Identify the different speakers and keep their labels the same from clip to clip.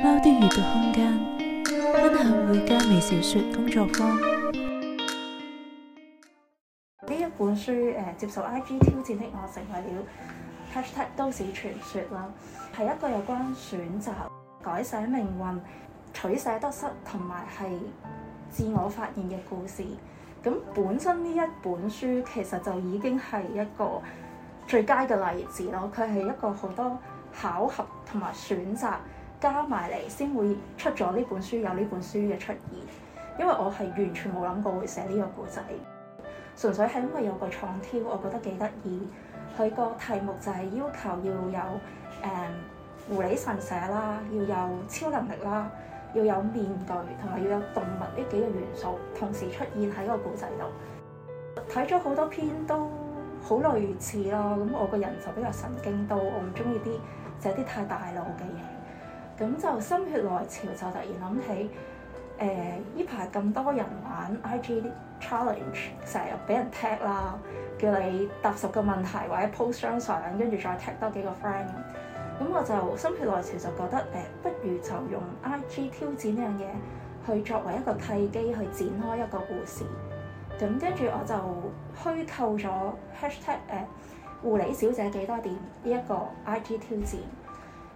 Speaker 1: 貓的閱讀空間，分享會加微小說工作坊。呢一本書誒、呃，接受 IG 挑戰的我，成為了 touch touch 都市傳說啦。係一個有關選擇、改寫命運、取捨得失同埋係自我發現嘅故事。咁本身呢一本書其實就已經係一個最佳嘅例子咯。佢係一個好多巧合同埋選擇，加埋嚟先會出咗呢本書，有呢本書嘅出現。因為我係完全冇諗過會寫呢個故仔，純粹係因為有個創挑，我覺得幾得意。佢個題目就係要求要有誒、嗯、狐狸神社啦，要有超能力啦，要有面具，同埋要有動物呢幾個元素同時出現喺個故仔度。睇咗好多篇都好類似咯，咁我個人就比較神經，都我唔中意啲寫啲太大路嘅嘢。咁就心血來潮，就突然諗起誒呢排咁多人玩 IG challenge，成日俾人踢啦，叫你答十個問題或者 post 張相，跟住再踢多幾個 friend。咁我就心血來潮就覺得誒、呃，不如就用 IG 挑戰呢樣嘢，去作為一個契機去展開一個故事。咁跟住我就虛構咗 Hashtag 誒、呃、狐狸小姐幾多點呢一、這個 IG 挑戰。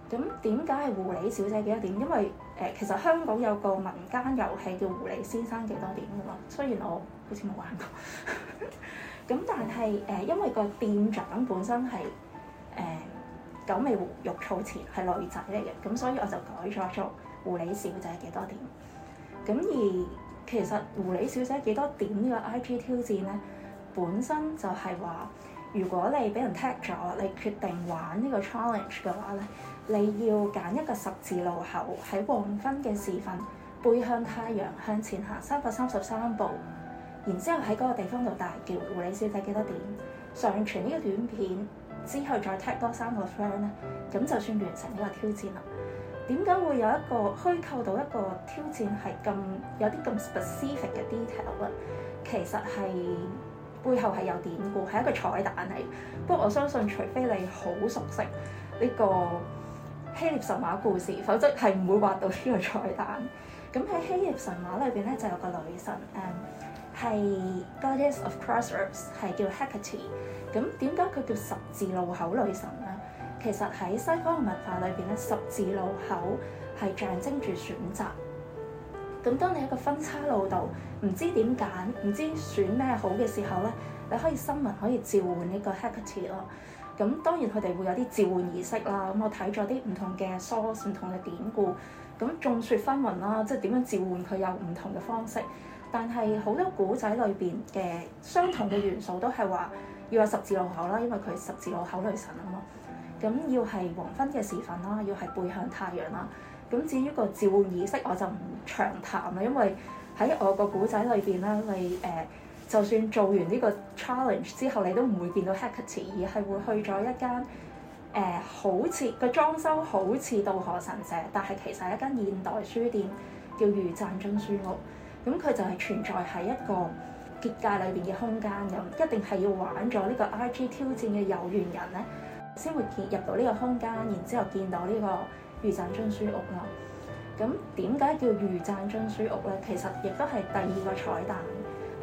Speaker 1: 咁點解係狐狸小姐幾多點？因為誒、呃，其實香港有個民間遊戲叫狐狸先生幾多點嘅嘛。雖然我好似冇玩過， 咁但係誒，因為個店長本身係誒、呃、九尾狐玉藻前係女仔嚟嘅，咁所以我就改咗做狐狸小姐幾多點。咁而其實狐狸小姐幾多點呢個 IG 挑戰咧，本身就係話，如果你俾人 tag 咗，你決定玩個呢個 challenge 嘅話咧。你要揀一個十字路口喺黃昏嘅時分，背向太陽向前行三百三十三步，然之後喺嗰個地方度大叫狐狸小姐幾多點，上傳呢個短片之後再 tag 多三個 friend 咧，咁就算完成呢個挑戰啦。點解會有一個虛構到一個挑戰係咁有啲咁 specific 嘅 detail 咧？其實係背後係有典故，係一個彩蛋嚟。不過我相信，除非你好熟悉呢、這個希臘神話故事，否則係唔會畫到呢個彩蛋。咁喺希臘神話裏邊咧，就有個女神誒，係、嗯、goddess of crossroads，係叫 Hecate。咁點解佢叫十字路口女神咧？其實喺西方嘅文化裏邊咧，十字路口係象徵住選擇。咁當你喺個分叉路度，唔知點揀，唔知選咩好嘅時候咧，你可以心神可以召喚呢個 Hecate 咯。咁當然佢哋會有啲召喚儀式啦，咁我睇咗啲唔同嘅 source 唔同嘅典故，咁眾說紛紜啦，即係點樣召喚佢有唔同嘅方式，但係好多古仔裏邊嘅相同嘅元素都係話要有十字路口啦，因為佢十字路口女神啊嘛，咁要係黃昏嘅時分啦，要係背向太陽啦，咁至於個召喚儀式我就唔長談啦，因為喺我個古仔裏邊咧，你誒。呃就算做完呢個 challenge 之後，你都唔會見到 h a c k 而係會去咗一間誒、呃、好似個裝修好似渡河神社，但係其實係一間現代書店叫御饌津書屋。咁佢就係存在喺一個結界裏邊嘅空間，咁一定係要玩咗呢個 IG 挑戰嘅有緣人咧，先會見入到呢個空間，然之後見到呢個御饌津書屋啦。咁點解叫御饌津書屋咧？其實亦都係第二個彩蛋，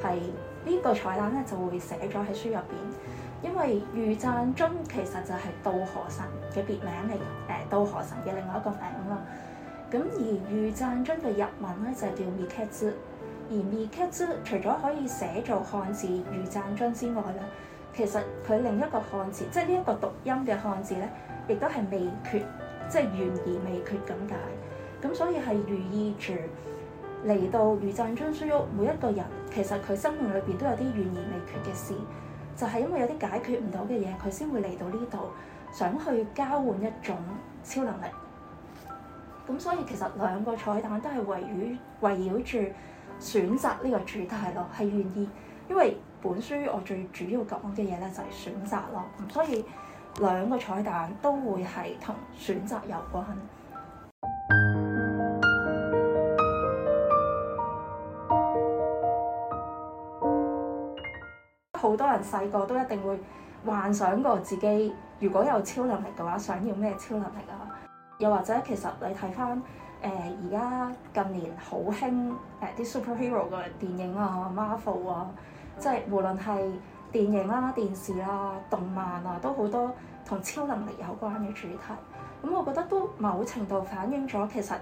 Speaker 1: 係。呢個彩蛋咧就會寫咗喺書入邊，因為御饌津其實就係稻荷神嘅別名嚟，誒、呃、稻荷神嘅另外一個名啦。咁而御饌津嘅日文咧就係叫 miketsu 而 miketsu 除咗可以寫做漢字御饌津之外咧，其實佢另一個漢字，即係呢一個讀音嘅漢字咧，亦都係未決，即係懸而未決咁解。咁所以係寓意住。嚟到御饌津書屋，衰屋每一個人，其實佢生命裏邊都有啲懸而未決嘅事，就係、是、因為有啲解決唔到嘅嘢，佢先會嚟到呢度，想去交換一種超能力。咁所以其實兩個彩蛋都係圍繞圍繞住選擇呢個主題咯，係願意，因為本書我最主要講嘅嘢咧就係、是、選擇咯，咁所以兩個彩蛋都會係同選擇有關。好多人細個都一定會幻想過自己，如果有超能力嘅話，想要咩超能力啊？又或者其實你睇翻誒而家近年好興誒啲、呃、Superhero 嘅電影啊、Marvel 啊，即係無論係電影啦、啊、電視啦、啊、動漫啊，都好多同超能力有關嘅主題。咁我覺得都某程度反映咗其實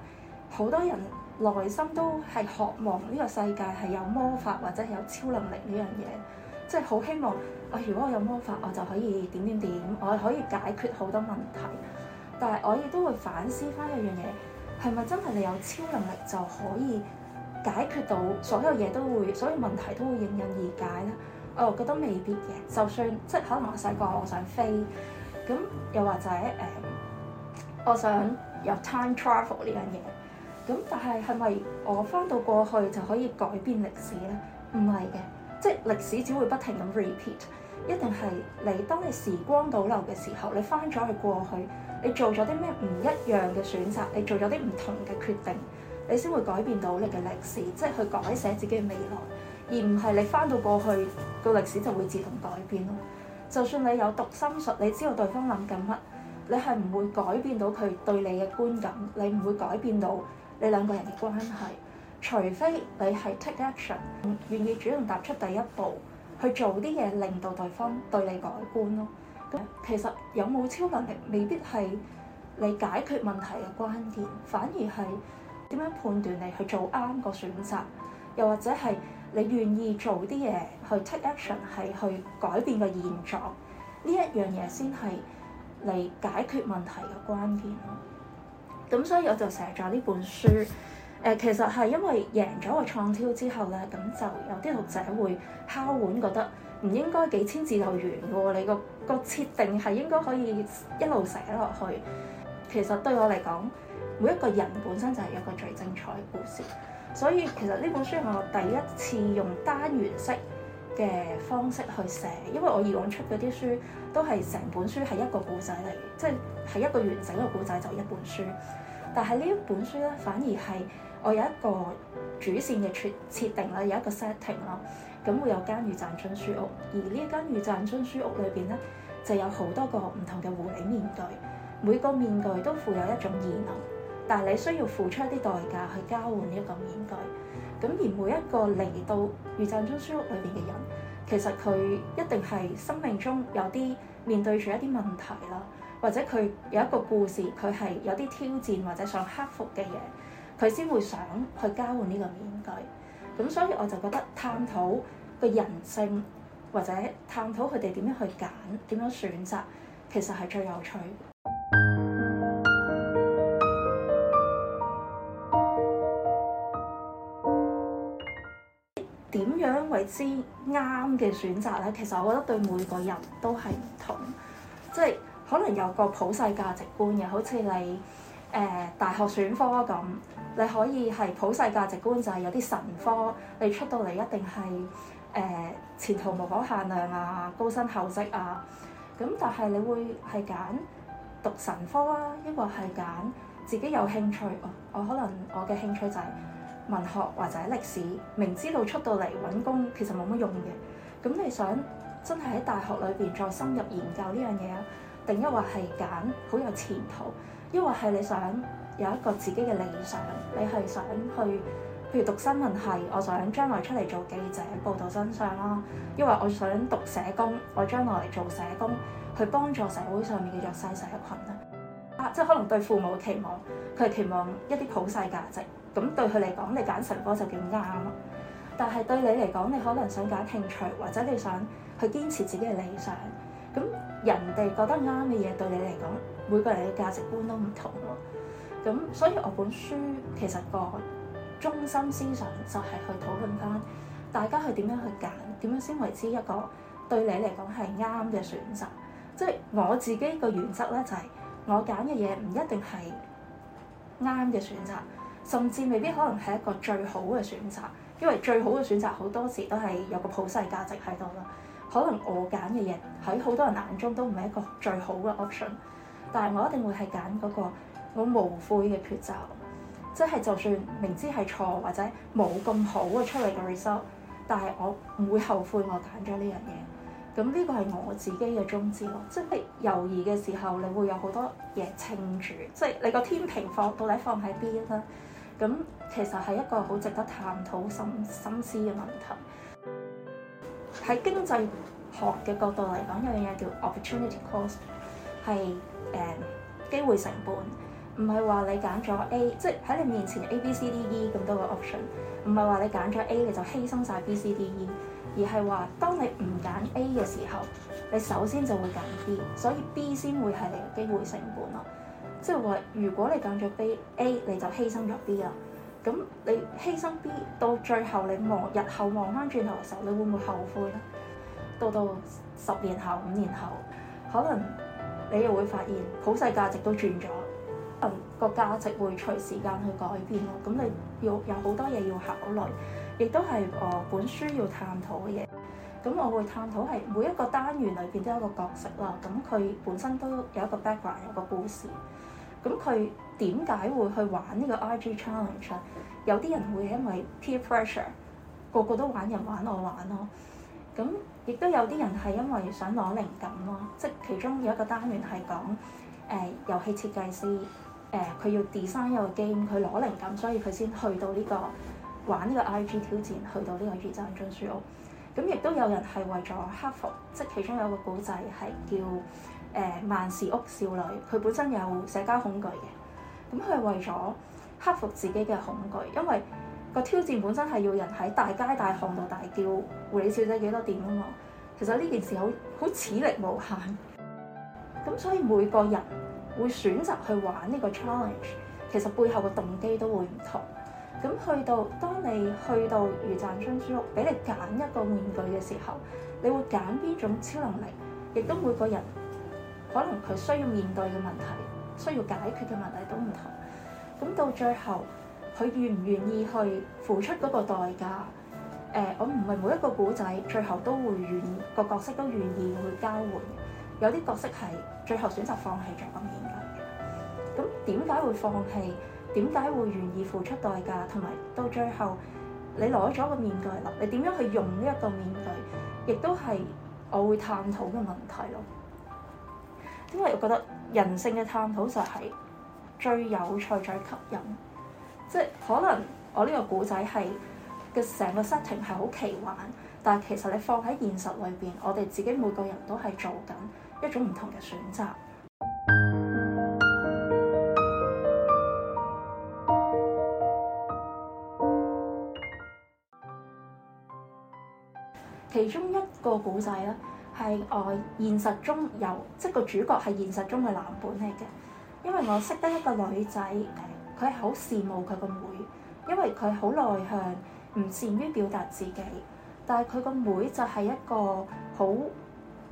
Speaker 1: 好多人內心都係渴望呢個世界係有魔法或者係有超能力呢樣嘢。即係好希望，我、啊、如果我有魔法，我就可以點點點，我可以解決好多問題。但係我亦都會反思翻一樣嘢，係咪真係你有超能力就可以解決到所有嘢，都會所有問題都會迎刃而解咧？我覺得未必嘅。就算即係可能我細個我想飛，咁又或者誒、嗯，我想有 time travel 呢樣嘢，咁但係係咪我翻到過去就可以改變歷史咧？唔係嘅。即係歷史只會不停咁 repeat，一定係你當你時光倒流嘅時候，你翻咗去過去，你做咗啲咩唔一樣嘅選擇，你做咗啲唔同嘅決定，你先會改變到你嘅歷史，即係去改寫自己嘅未來，而唔係你翻到過去個歷史就會自動改變咯。就算你有讀心術，你知道對方諗緊乜，你係唔會改變到佢對你嘅觀感，你唔會改變到你兩個人嘅關係。除非你係 take action，願意主動踏出第一步去做啲嘢，令到對方對你改觀咯。咁其實有冇超能力未必係你解決問題嘅關鍵，反而係點樣判斷你去做啱個選擇，又或者係你願意做啲嘢去 take action，係去改變個現狀。呢一樣嘢先係你解決問題嘅關鍵咯。咁所以我就寫咗呢本書。誒，其實係因為贏咗個創超之後咧，咁就有啲讀者會敲碗，覺得唔應該幾千字就完噶喎。哦，你個、嗰個設定係應該可以一路寫落去。其實對我嚟講，每一個人本身就係一個最精彩嘅故事，所以其實呢本書係我第一次用單元式嘅方式去寫，因為我以往出嗰啲書都係成本書係一個故仔嚟，即係係一個完整嘅故仔就一本書。但係呢一本書咧，反而係～我有一個主線嘅設設定啦，有一個 setting 啦。咁會有間御饌津書屋，而呢間御饌津書屋裏邊咧，就有好多個唔同嘅狐狸面具，每個面具都附有一種異能，但係你需要付出一啲代價去交換呢一個面具。咁而每一個嚟到御饌津書屋裏邊嘅人，其實佢一定係生命中有啲面對住一啲問題啦，或者佢有一個故事，佢係有啲挑戰或者想克服嘅嘢。佢先會想去交換呢個面具，咁所以我就覺得探討個人性或者探討佢哋點樣去揀，點樣選擇，其實係最有趣。點 樣為之啱嘅選擇呢？其實我覺得對每個人都係唔同，即係可能有個普世價值觀嘅，好似你誒，呃，大學選科咁。你可以係普世價值觀就係、是、有啲神科，你出到嚟一定係誒、呃、前途無可限量啊，高薪厚職啊。咁但係你會係揀讀神科啊，抑或係揀自己有興趣？我、哦、我可能我嘅興趣就係文學或者係歷史。明知道出到嚟揾工其實冇乜用嘅，咁你想真係喺大學裏邊再深入研究呢樣嘢啊？定抑或係揀好有前途，抑或係你想，有一個自己嘅理想，你係想去，譬如讀新聞係，我想將來出嚟做記者，報導真相咯，因為我想讀社工，我將來做社工，去幫助社會上面嘅弱勢社群啊，即係可能對父母期望，佢期望一啲普世價值，咁對佢嚟講，你揀成科就叫啱咯。但係對你嚟講，你可能想揀興趣，或者你想去堅持自己嘅理想。咁人哋覺得啱嘅嘢，對你嚟講，每個人嘅價值觀都唔同咯。咁所以我本書其實個中心思想就係去討論翻大家去點樣去揀，點樣先為之一個對你嚟講係啱嘅選擇，即係我自己個原則咧，就係、是、我揀嘅嘢唔一定係啱嘅選擇，甚至未必可能係一個最好嘅選擇，因為最好嘅選擇好多時都係有個普世價值喺度啦。可能我揀嘅嘢喺好多人眼中都唔係一個最好嘅 option，但係我一定會係揀嗰個。我無悔嘅抉擇，即係就算明知係錯，或者冇咁好嘅出嚟嘅 result，但係我唔會後悔我揀咗呢樣嘢。咁呢個係我自己嘅宗旨咯。即係猶豫嘅時候，你會有好多嘢清住，即係你個天平放到底放喺邊啦。咁其實係一個好值得探討心心思嘅問題。喺經濟學嘅角度嚟講，有樣嘢叫 opportunity cost，係誒、uh，機會成本。唔係話你揀咗 A，即係喺你面前 A、B、C、D、E 咁多個 option，唔係話你揀咗 A 你就犧牲晒 B、C、D、E，而係話當你唔揀 A 嘅時候，你首先就會揀 B，所以 B 先會係你嘅機會成本咯。即係話如果你揀咗 B，A 你就犧牲咗 B 啊，咁你犧牲 B 到最後你望日後望翻轉頭嘅時候，你會唔會後悔咧？到到十年後、五年後可能你又會發現普世價值都轉咗。嗯、個價值會隨時間去改變咯，咁、嗯、你要有好多嘢要考慮，亦都係誒、呃、本書要探討嘅嘢。咁、嗯、我會探討係每一個單元裏邊都有一個角色啦，咁、嗯、佢本身都有一個 background，有個故事。咁佢點解會去玩呢個 IG challenge？有啲人會因為 peer pressure，個個都玩，人玩我玩咯。咁、嗯、亦、嗯、都有啲人係因為想攞靈感咯、嗯，即係其中有一個單元係講誒、呃、遊戲設計師。誒，佢、呃、要 design 一個 game，佢攞靈感，所以佢先去到呢、這個玩呢個 IG 挑戰，去到呢個御饌津書屋。咁亦都有人係為咗克服，即係其中有一個故仔係叫誒、呃、萬事屋少女，佢本身有社交恐懼嘅，咁佢係為咗克服自己嘅恐懼，因為個挑戰本身係要人喺大街大巷度大叫，狐狸小姐幾多點啊嘛。其實呢件事好好似力無限，咁所以每個人，會選擇去玩呢個 challenge，其實背後嘅動機都會唔同。咁去到，當你去到御饌津書屋，俾你揀一個面具嘅時候，你會揀邊種超能力，亦都每個人可能佢需要面對嘅問題、需要解決嘅問題都唔同。咁到最後，佢願唔願意去付出嗰個代價？誒、呃，我唔係每一個古仔最後都會願，個角色都願意會交換。有啲角色係最後選擇放棄咗個面。咁點解會放棄？點解會願意付出代價？同埋到最後，你攞咗個面具啦，你點樣去用呢一個面具？亦都係我會探討嘅問題咯。因為我覺得人性嘅探討就係最有趣、最吸引。即係可能我呢個古仔係嘅成個 setting 係好奇幻，但係其實你放喺現實裏邊，我哋自己每個人都係做緊一種唔同嘅選擇。其中一個古仔咧，係我現實中有即個主角係現實中嘅藍本嚟嘅，因為我識得一個女仔，佢係好羨慕佢個妹，因為佢好內向，唔善於表達自己，但係佢個妹就係一個好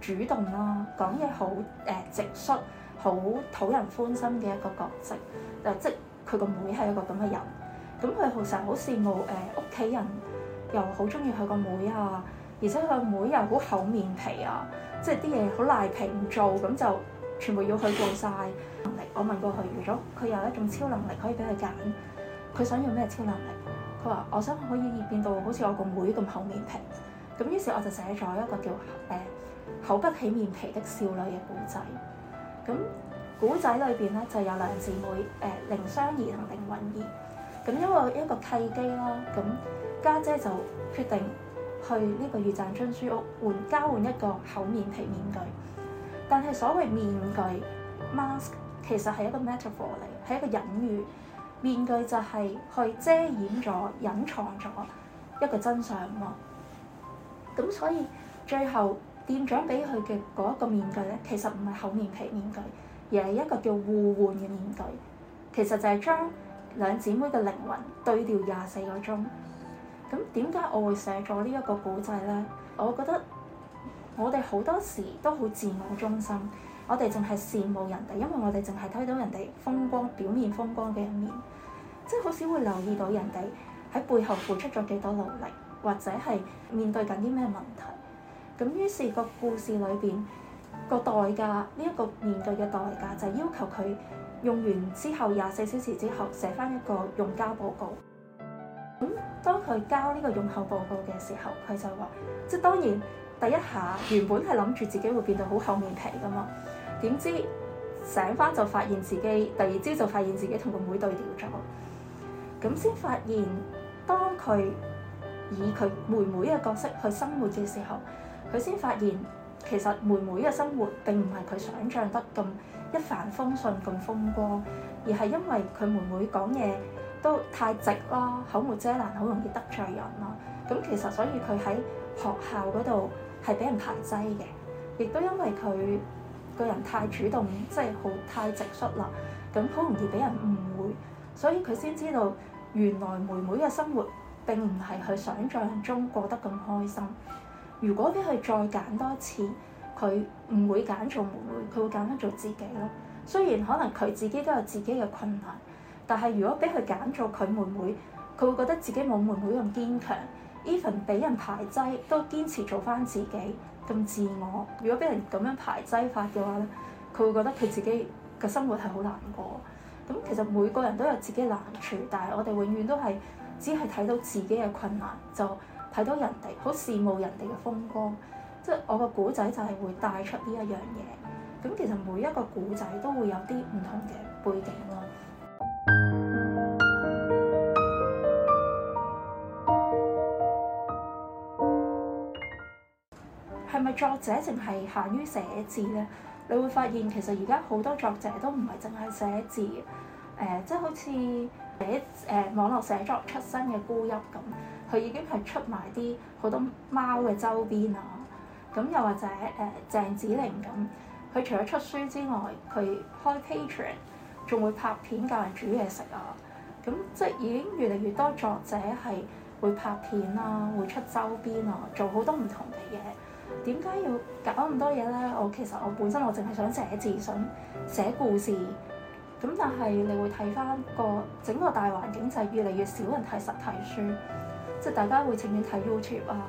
Speaker 1: 主動咯啊，講嘢好誒直率，好討人歡心嘅一個角色。就即佢個妹係一個咁嘅人，咁佢好成日好羨慕誒屋企人又好中意佢個妹啊。而且佢個妹又好厚面皮啊，即係啲嘢好賴皮唔做，咁就全部要佢做晒。能力。我問過佢，如果佢有一種超能力可以俾佢揀，佢想要咩超能力？佢話我想可以變到好似我個妹咁厚面皮。咁於是我就寫咗一個叫誒厚、呃、不起面皮的少女嘅故仔。咁故仔裏邊咧就有兩姊妹誒凌雙兒同凌雲兒。咁、呃、因為一個契機啦，咁家姐，姐就決定。去呢個御饌津書屋換交換一個厚面皮面具，但係所謂面具 mask 其實係一個 metaphor 嚟，係一個隱喻。面具就係去遮掩咗、隱藏咗一個真相咯。咁所以最後店長俾佢嘅嗰一個面具咧，其實唔係厚面皮面具，而係一個叫互換嘅面具。其實就係將兩姊妹嘅靈魂對調廿四個鐘。咁點解我會寫咗呢一個古仔呢？我覺得我哋好多時都好自我中心，我哋淨係羨慕人哋，因為我哋淨係睇到人哋風光、表面風光嘅一面，即係好少會留意到人哋喺背後付出咗幾多努力，或者係面對緊啲咩問題。咁於是個故事裏邊個代價，呢一個面對嘅代價就要求佢用完之後廿四小時之後寫翻一個用家報告。咁當佢交呢個用後報告嘅時候，佢就話：，即係當然，第一下原本係諗住自己會變到好厚面皮噶嘛，點知醒翻就發現自己，第二朝就發現自己同個妹妹對調咗，咁先發現當佢以佢妹妹嘅角色去生活嘅時候，佢先發現其實妹妹嘅生活並唔係佢想象得咁一帆風順咁風光，而係因為佢妹妹講嘢。都太直咯，口無遮攔，好容易得罪人咯。咁其實所以佢喺學校嗰度係俾人排擠嘅，亦都因為佢個人太主動，即係好太直率啦。咁好容易俾人誤會，所以佢先知道原來妹妹嘅生活並唔係佢想像中過得咁開心。如果俾佢再揀多一次，佢唔會揀做妹妹，佢會揀翻做自己咯。雖然可能佢自己都有自己嘅困難。但係如果俾佢揀咗佢妹妹，佢會覺得自己冇妹妹咁堅強。Even 俾人排擠都堅持做翻自己咁自我。如果俾人咁樣排擠法嘅話咧，佢會覺得佢自己嘅生活係好難過。咁其實每個人都有自己難處，但係我哋永遠都係只係睇到自己嘅困難，就睇到人哋好羨慕人哋嘅風光。即係我個古仔就係會帶出呢一樣嘢。咁其實每一個古仔都會有啲唔同嘅背景咯。係咪作者淨係限於寫字咧？你會發現其實而家好多作者都唔係淨係寫字誒、呃，即係好似寫誒網絡寫作出身嘅孤泣咁，佢已經係出埋啲好多貓嘅周邊啊。咁又或者誒、呃、鄭子玲咁，佢除咗出書之外，佢開 Patreon 仲會拍片教人煮嘢食啊。咁即係已經越嚟越多作者係會拍片啦、啊，會出周邊啊，做好多唔同嘅嘢。點解要搞咁多嘢咧？我其實我本身我淨係想寫字、想寫故事。咁但係你會睇翻個整個大環境，就係越嚟越少人睇實體書，即係大家會情願睇 YouTube 啊、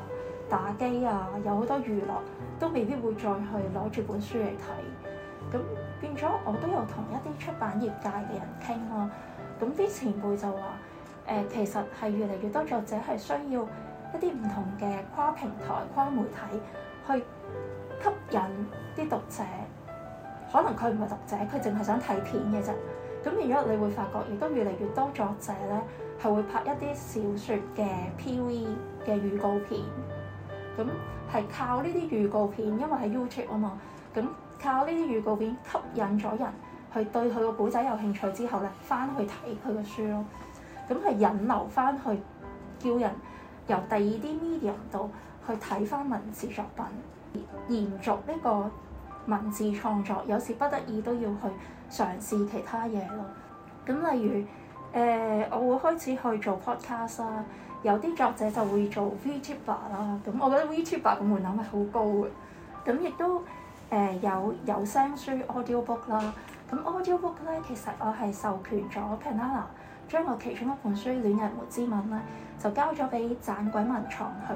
Speaker 1: 打機啊，有好多娛樂都未必會再去攞住本書嚟睇。咁變咗我都有同一啲出版業界嘅人傾啦、啊。咁啲前輩就話：誒、呃、其實係越嚟越多作者係需要一啲唔同嘅跨平台、跨媒體。去吸引啲讀者，可能佢唔係讀者，佢淨係想睇片嘅啫。咁，然之後你會發覺，亦都越嚟越多作者咧，係會拍一啲小說嘅 PV 嘅預告片。咁係靠呢啲預告片，因為喺 YouTube 啊嘛。咁靠呢啲預告片吸引咗人，去對佢個故仔有興趣之後咧，翻去睇佢個書咯。咁係引流翻去，叫人由第二啲 medium 度。去睇翻文字作品，延續呢個文字創作。有時不得已都要去嘗試其他嘢咯。咁例如誒、呃，我會開始去做 podcast 啦，有啲作者就會做 VTuber 啦。咁我覺得 VTuber 嘅門檻係好高嘅。咁亦都誒有有聲書 audio book 啦。咁 audio book 咧，其實我係授權咗 Penana 將我其中一本書《戀人沒之吻》咧，就交咗俾盞鬼文創去。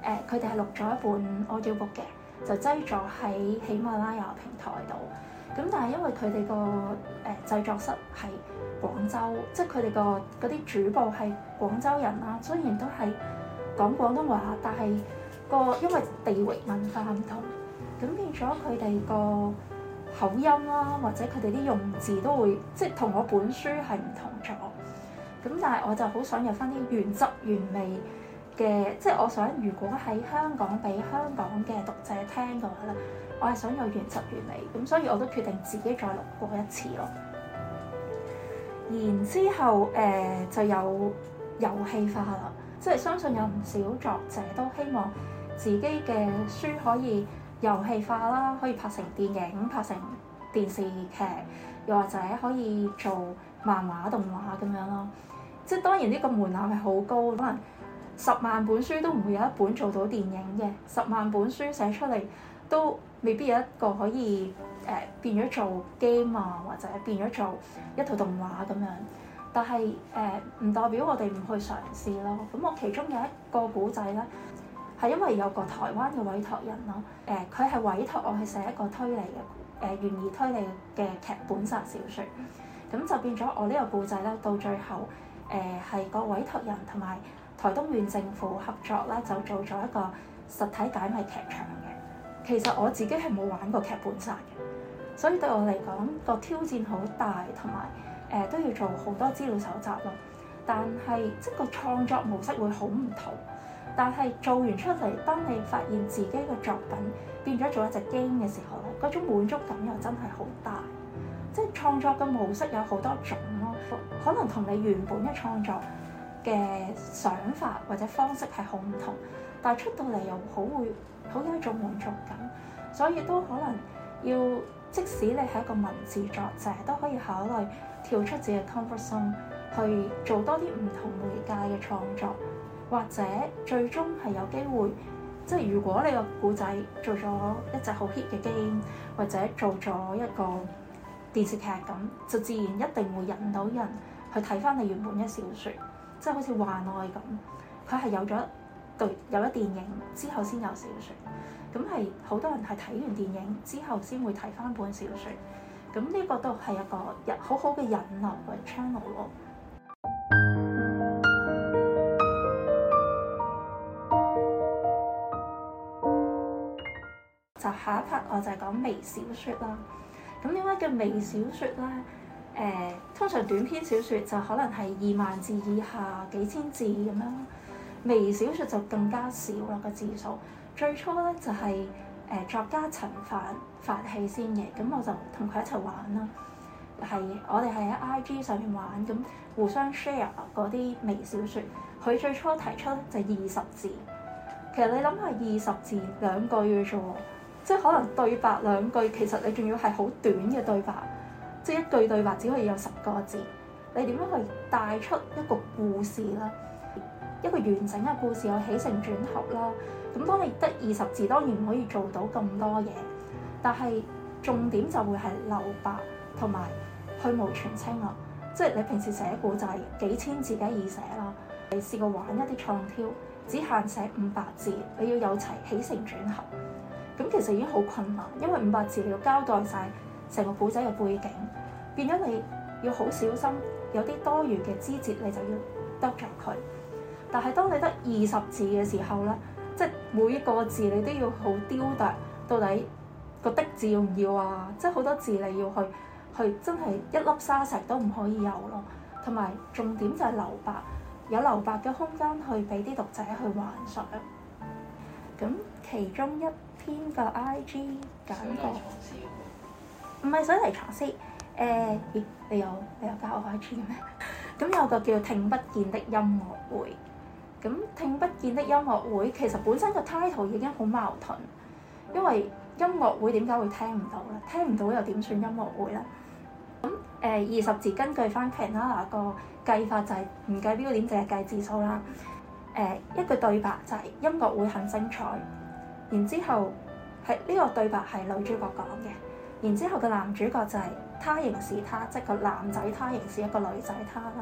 Speaker 1: 誒，佢哋係錄咗一本 audio book 嘅，就擠咗喺喜馬拉雅平台度。咁但係因為佢哋個誒製作室係廣州，即係佢哋個嗰啲主播係廣州人啦、啊，雖然都係講廣東話，但係個因為地域文化唔同，咁變咗佢哋個口音啦、啊，或者佢哋啲用字都會即係同我本書係唔同咗。咁但係我就好想入返啲原汁原味。嘅即係我想，如果喺香港俾香港嘅讀者聽嘅話咧，我係想有原汁原味，咁，所以我都決定自己再錄過一次咯。然之後誒、呃、就有遊戲化啦，即係相信有唔少作者都希望自己嘅書可以遊戲化啦，可以拍成電影、拍成電視劇，又或者可以做漫畫、動畫咁樣咯。即係當然呢個門檻係好高，可能。十萬本書都唔會有一本做到電影嘅，十萬本書寫出嚟都未必有一個可以誒、呃、變咗做 game、啊、或者變咗做一套動畫咁樣。但係誒唔代表我哋唔去嘗試咯。咁我其中一有一個故仔咧，係因為有個台灣嘅委託人咯，誒佢係委託我去寫一個推理嘅誒懸疑推理嘅劇本殺小説，咁就變咗我呢個故仔咧，到最後誒係、呃、個委託人同埋。台東縣政府合作啦，就做咗一個實體解密劇場嘅。其實我自己係冇玩過劇本殺嘅，所以對我嚟講個挑戰好大，同埋誒都要做好多資料搜集咯。但係即係個創作模式會好唔同，但係做完出嚟，當你發現自己嘅作品變咗做一隻 game 嘅時候咧，嗰種滿足感又真係好大。即係創作嘅模式有好多種咯，可能同你原本嘅創作。嘅想法或者方式係好唔同，但係出到嚟又好會好有一種滿足感，所以都可能要即使你係一個文字作者，都可以考慮跳出自己嘅 comfort zone 去做多啲唔同媒介嘅創作，或者最終係有機會，即係如果你個古仔做咗一隻好 hit 嘅 game，或者做咗一個電視劇，咁，就自然一定會引到人去睇翻你原本嘅小說。即係好似《幻愛》咁，佢係有咗對，有咗電影之後先有小説，咁係好多人係睇完電影之後先會睇翻本小説，咁呢個都係一個引好好嘅引流嘅 channel 咯。 就下一 part 我就係講微小説啦，咁點解叫微小説咧？誒，通常短篇小説就可能係二萬字以下，幾千字咁樣。微小説就更加少啦、那個字數。最初咧就係、是、誒、呃、作家陳凡發起先嘅，咁我就同佢一齊玩啦。係我哋係喺 I G 上面玩，咁互相 share 嗰啲微小説。佢最初提出咧，就二十字，其實你諗下二十字兩句嘅啫喎，即係可能對白兩句，其實你仲要係好短嘅對白。即係一句對話只可以有十個字，你點樣去帶出一個故事啦？一個完整嘅故事有起承轉合啦。咁當你得二十字，當然唔可以做到咁多嘢。但係重點就會係留白同埋去蕪存菁啊。即係你平時寫古仔幾千字梗易寫啦。你試過玩一啲創挑，只限寫五百字，你要有齊起承轉合。咁其實已經好困難，因為五百字你要交代晒。成個故仔嘅背景，變咗你要好小心，有啲多餘嘅枝節，你就要 delete 佢。但係當你得二十字嘅時候咧，即係每一個字你都要好雕琢。到底個的字要唔要啊？即係好多字你要去去，真係一粒沙石都唔可以有咯。同埋重點就係留白，有留白嘅空間去俾啲讀者去幻想。咁其中一篇嘅 IG 揀個。唔係想嚟嘗試，誒、呃哎，你有你有教我 I G 咩？咁 有個叫聽不見的音樂會，咁聽不見的音樂會其實本身個 title 已經好矛盾，因為音樂會點解會聽唔到咧？聽唔到又點算音樂會咧？咁誒、呃、二十字根據翻 Penana 個計法就係唔計標點，淨係計字數啦。誒、呃、一句對白就係音樂會很精彩，然之後係呢、這個對白係女主角講嘅。然之後個男主角就係他仍是他，即、就是、個男仔他仍是一個女仔他啦。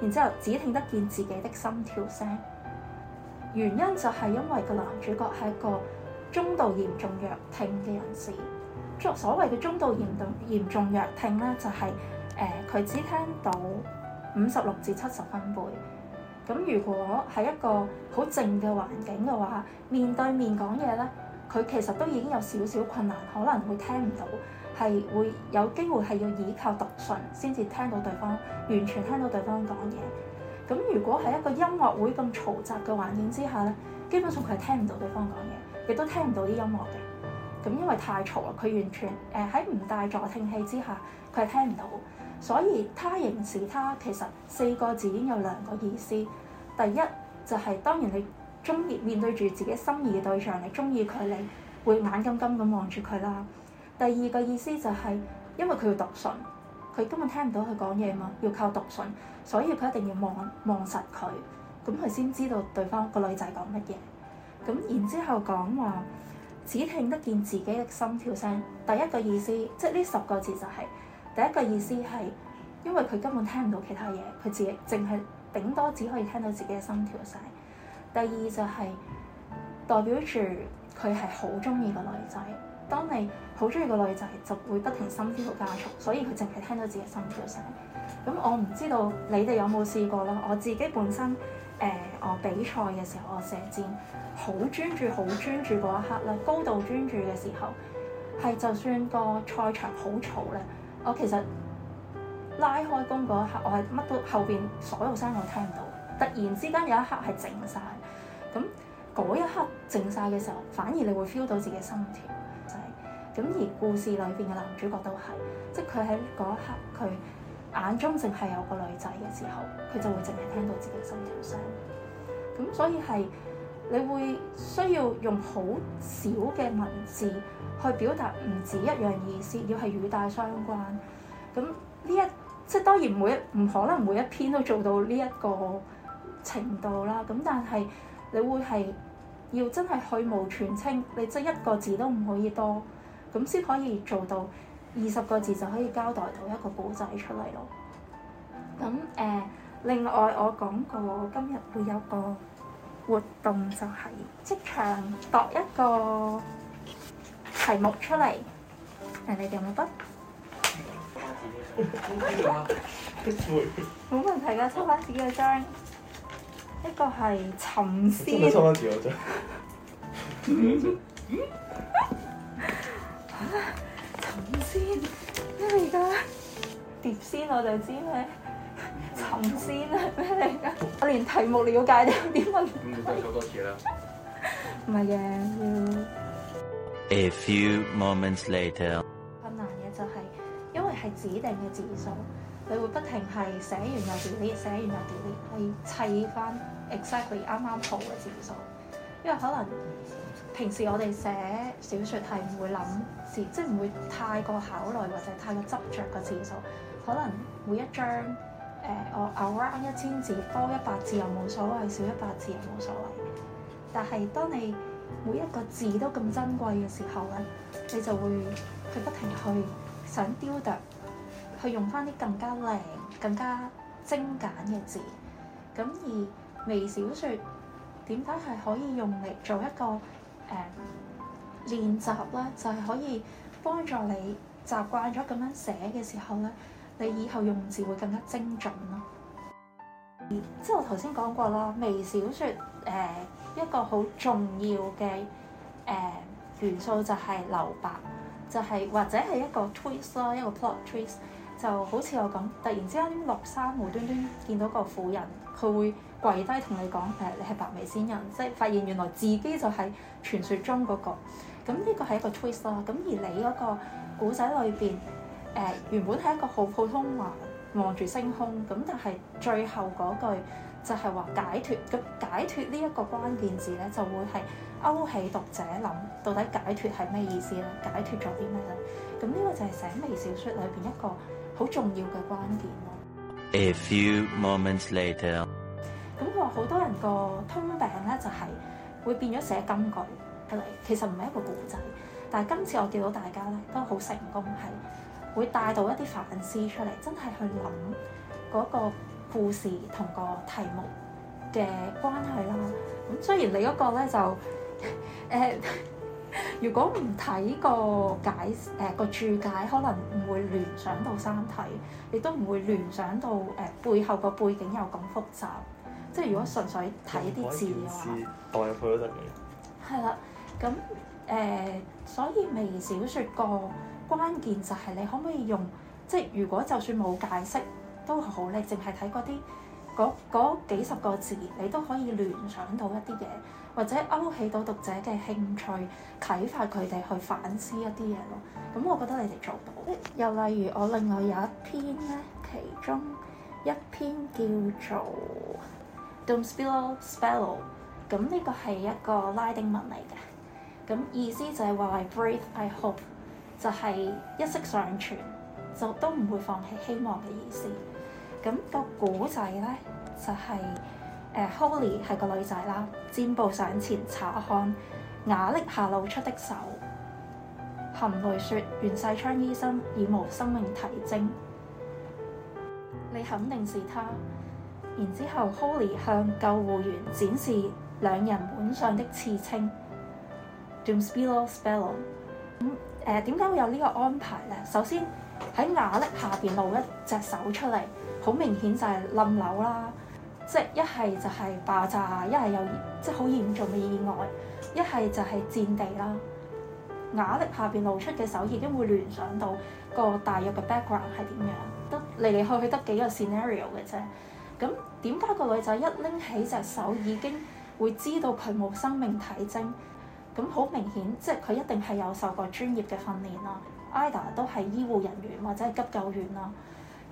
Speaker 1: 然之後只聽得見自己的心跳聲，原因就係因為個男主角係一個中度嚴重弱聽嘅人士。作所謂嘅中度嚴重嚴重弱聽咧，就係誒佢只聽到五十六至七十分貝。咁如果喺一個好靜嘅環境嘅話，面對面講嘢咧，佢其實都已經有少少困難，可能會聽唔到，係會有機會係要依靠讀唇先至聽到對方，完全聽到對方講嘢。咁如果係一個音樂會咁嘈雜嘅環境之下咧，基本上佢係聽唔到對方講嘢，亦都聽唔到啲音樂嘅。咁因為太嘈啦，佢完全誒喺唔帶助聽器之下，佢係聽唔到。所以他認是他其實四個字已經有兩個意思。第一就係當然你，中意面對住自己心儀嘅對象，你中意佢，你會眼金金咁望住佢啦。第二個意思就係，因為佢要讀唇，佢根本聽唔到佢講嘢嘛，要靠讀唇，所以佢一定要望望實佢，咁佢先知道對方個女仔講乜嘢。咁然之後講話，只聽得見自己嘅心跳聲。第一個意思，即係呢十個字就係，第一個意思係，因為佢根本聽唔到其他嘢，佢自己淨係頂多只可以聽到自己嘅心跳聲。第二就係，是，代表住佢係好中意個女仔。當你好中意個女仔，就會不停心跳加速，所以佢淨係聽到自己心跳聲。咁我唔知道你哋有冇試過啦。我自己本身誒、呃，我比賽嘅時候，我射箭，好專注，好專注嗰一刻咧，高度專注嘅時候，係就算個賽場好嘈咧，我其實拉開弓嗰一刻，我係乜都後邊所有聲我聽唔到。突然之間有一刻係靜晒。咁嗰一刻靜晒嘅時候，反而你會 feel 到自己心跳就係。咁而故事裏邊嘅男主角都係，即係佢喺嗰一刻佢眼中淨係有個女仔嘅時候，佢就會淨係聽到自己心跳聲。咁所以係，你會需要用好少嘅文字去表達唔止一樣意思，要係語帶相關。咁呢一即係當然每，每一唔可能每一篇都做到呢一個程度啦。咁但係。你會係要真係去無全清，你真一個字都唔可以多，咁先可以做到二十個字就可以交代到一個故仔出嚟咯。咁誒、呃，另外我講過今日會有個活動，就係即場度一個題目出嚟，人哋有冇得？冇問題㗎、啊，抽翻自己嘅張。一個係尋仙，真係錯翻字我真。嗯。啊！尋仙，而家碟仙我就知咩尋仙係咩嚟㗎。我連題目了解都有啲問題。唔好再錯多次啦。唔係嘅，要。A few moments later。困難嘅就係因為係指定嘅字數。你會不停係寫完又 delete，寫完又 delete，係砌翻 exactly 啱啱好嘅字數。因為可能平時我哋寫小説係唔會諗字，即係唔會太過考慮或者太過執着個字數。可能每一章誒我 around 一千字多一百字又冇所謂，少一百字又冇所謂。但係當你每一個字都咁珍貴嘅時候咧，你就會佢不停去想雕琢。去用翻啲更加靚、更加精簡嘅字，咁而微小説點解係可以用嚟做一個誒練習咧？就係、是、可以幫助你習慣咗咁樣寫嘅時候咧，你以後用字會更加精準咯。即係我頭先講過啦，微小説誒、呃、一個好重要嘅誒、呃、元素就係留白，就係、是、或者係一個 twist 啦，一個 plot twist。就好似我咁，突然之間落山，無端端見到個婦人，佢會跪低同你講：誒、呃，你係白眉仙人，即係發現原來自己就係傳説中嗰、那個。咁呢個係一個 twist 啦、嗯。咁而你嗰個故仔裏邊，原本係一個好普通話，望住星空咁、嗯，但係最後嗰句就係話解脱。咁解脱呢一個關鍵字咧，就會係勾起讀者諗到底解脱係咩意思咧？解脱咗啲咩咧？咁、嗯、呢、嗯這個就係寫微小說裏邊一個好重要嘅關鍵咯。A few moments later，咁佢話好多人個通病咧就係、是、會變咗成寫金句出嚟，其實唔係一個故仔，但係今次我見到大家咧都好成功，係會帶到一啲反思出嚟，真係去諗嗰個故事同個題目嘅關係啦。咁雖然你嗰個咧就誒。 如果唔睇個解，誒個註解，可能唔會聯想到三體，亦都唔會聯想到誒、呃、背後個背景有咁複雜。即係如果純粹睇啲字嘅話，代入去都得嘅。係啦，咁誒、呃，所以微小說個關鍵就係你可唔可以用？即係如果就算冇解釋都好咧，淨係睇嗰啲，嗰幾十個字，你都可以聯想到一啲嘢，或者勾起到讀者嘅興趣，啟發佢哋去反思一啲嘢咯。咁我覺得你哋做到。又例如我另外有一篇咧，其中一篇叫做 Dum Spiro, Spero，咁呢個係一個拉丁文嚟嘅，咁意思就係話 I breathe, I hope，就係一息尚存，就是、都唔會放棄希望嘅意思。咁個古仔咧，就係、是、誒、呃、Holy 係個女仔啦，箭步上前查看瓦礫下露出的手，含淚說袁世昌醫生已無生命體徵，你肯定是他。然之後 Holy 向救護員展示兩人腕上的刺青。 誒點解會有呢個安排咧？首先喺瓦礫下邊露一隻手出嚟，好明顯就係冧樓啦，即係一係就係爆炸，一係有即係好嚴重嘅意外，一係就係戰地啦。瓦礫下邊露出嘅手已經會聯想到個大約嘅 background 係點樣，得嚟嚟去去得幾個 scenario 嘅啫。咁點解個女仔一拎起隻手已經會知道佢冇生命體徵？咁好明顯，即係佢一定係有受過專業嘅訓練啦。Ida 都係醫護人員或者係急救員啦。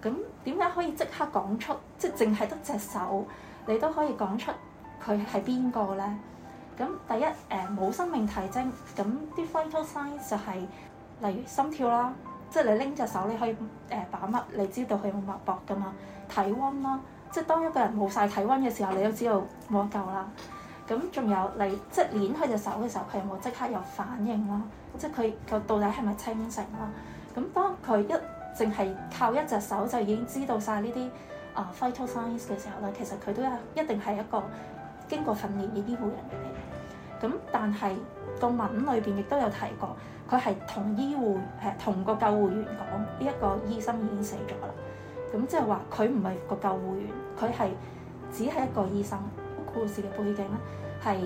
Speaker 1: 咁點解可以即刻講出，即係淨係得隻手，你都可以講出佢係邊個咧？咁第一誒冇、呃、生命體徵。咁啲 vital signs 就係、是、例如心跳啦，即係你拎隻手你可以誒、呃、把脈，你知道佢有,有脈搏噶嘛？體温啦，即係當一個人冇晒體温嘅時候，你都知道冇得救啦。咁仲有你即係攤開隻手嘅時候，佢有冇即刻有反應啦？即係佢個到底係咪清醒啦？咁當佢一淨係靠一隻手就已經知道晒呢啲啊 f、呃、fatal science 嘅時候咧，其實佢都一定係一個經過訓練嘅醫護人員嚟。咁但係個文裏邊亦都有提過，佢係同醫護係同個救護員講呢一個醫生已經死咗啦。咁即係話佢唔係個救護員，佢係只係一個醫生。故事嘅背景咧，係誒、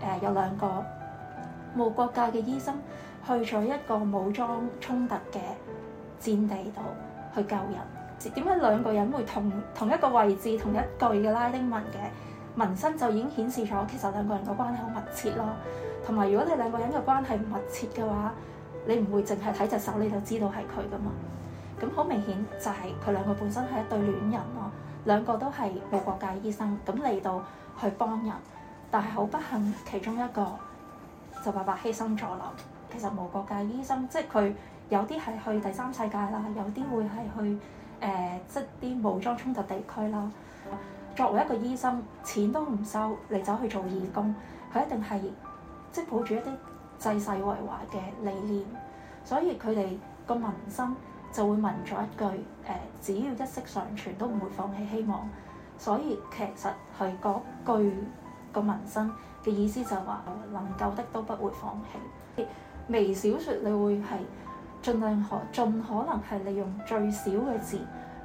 Speaker 1: 呃、有兩個無國界嘅醫生去咗一個武裝衝突嘅戰地度去救人。點解兩個人會同同一個位置同一句嘅拉丁文嘅紋身就已經顯示咗其實兩個人嘅關係好密切咯。同埋如果你兩個人嘅關係唔密切嘅話，你唔會淨係睇隻手你就知道係佢㗎嘛。咁好明顯就係佢兩個本身係一對戀人咯。兩個都係無國界醫生，咁嚟到。去幫人，但係好不幸，其中一個就白白犧牲咗啦。其實無國界醫生，即係佢有啲係去第三世界啦，有啲會係去誒、呃、即係啲武裝衝突地區啦。作為一個醫生，錢都唔收你走去做義工，佢一定係即係抱住一啲濟世為懷嘅理念。所以佢哋個民心就會問咗一句：誒、呃，只要一息尚存，都唔會放棄希望。所以其實係嗰句個民生嘅意思就係話，能夠的都不會放棄。微小說你會係盡量可盡可能係利用最少嘅字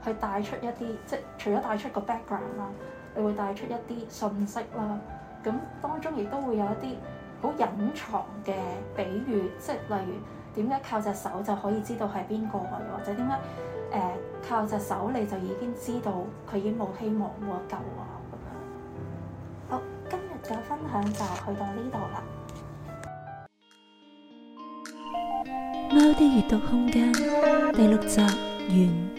Speaker 1: 去帶出一啲，即除咗帶出個 background 啦，你會帶出一啲訊息啦。咁當中亦都會有一啲好隱藏嘅比喻，即係例如點解靠隻手就可以知道係邊個，或者點解？誒、呃、靠隻手你就已經知道佢已經冇希望冇得救喎，咁樣。好，今日嘅分享就去到呢度啦。貓的閱讀空間第六集完。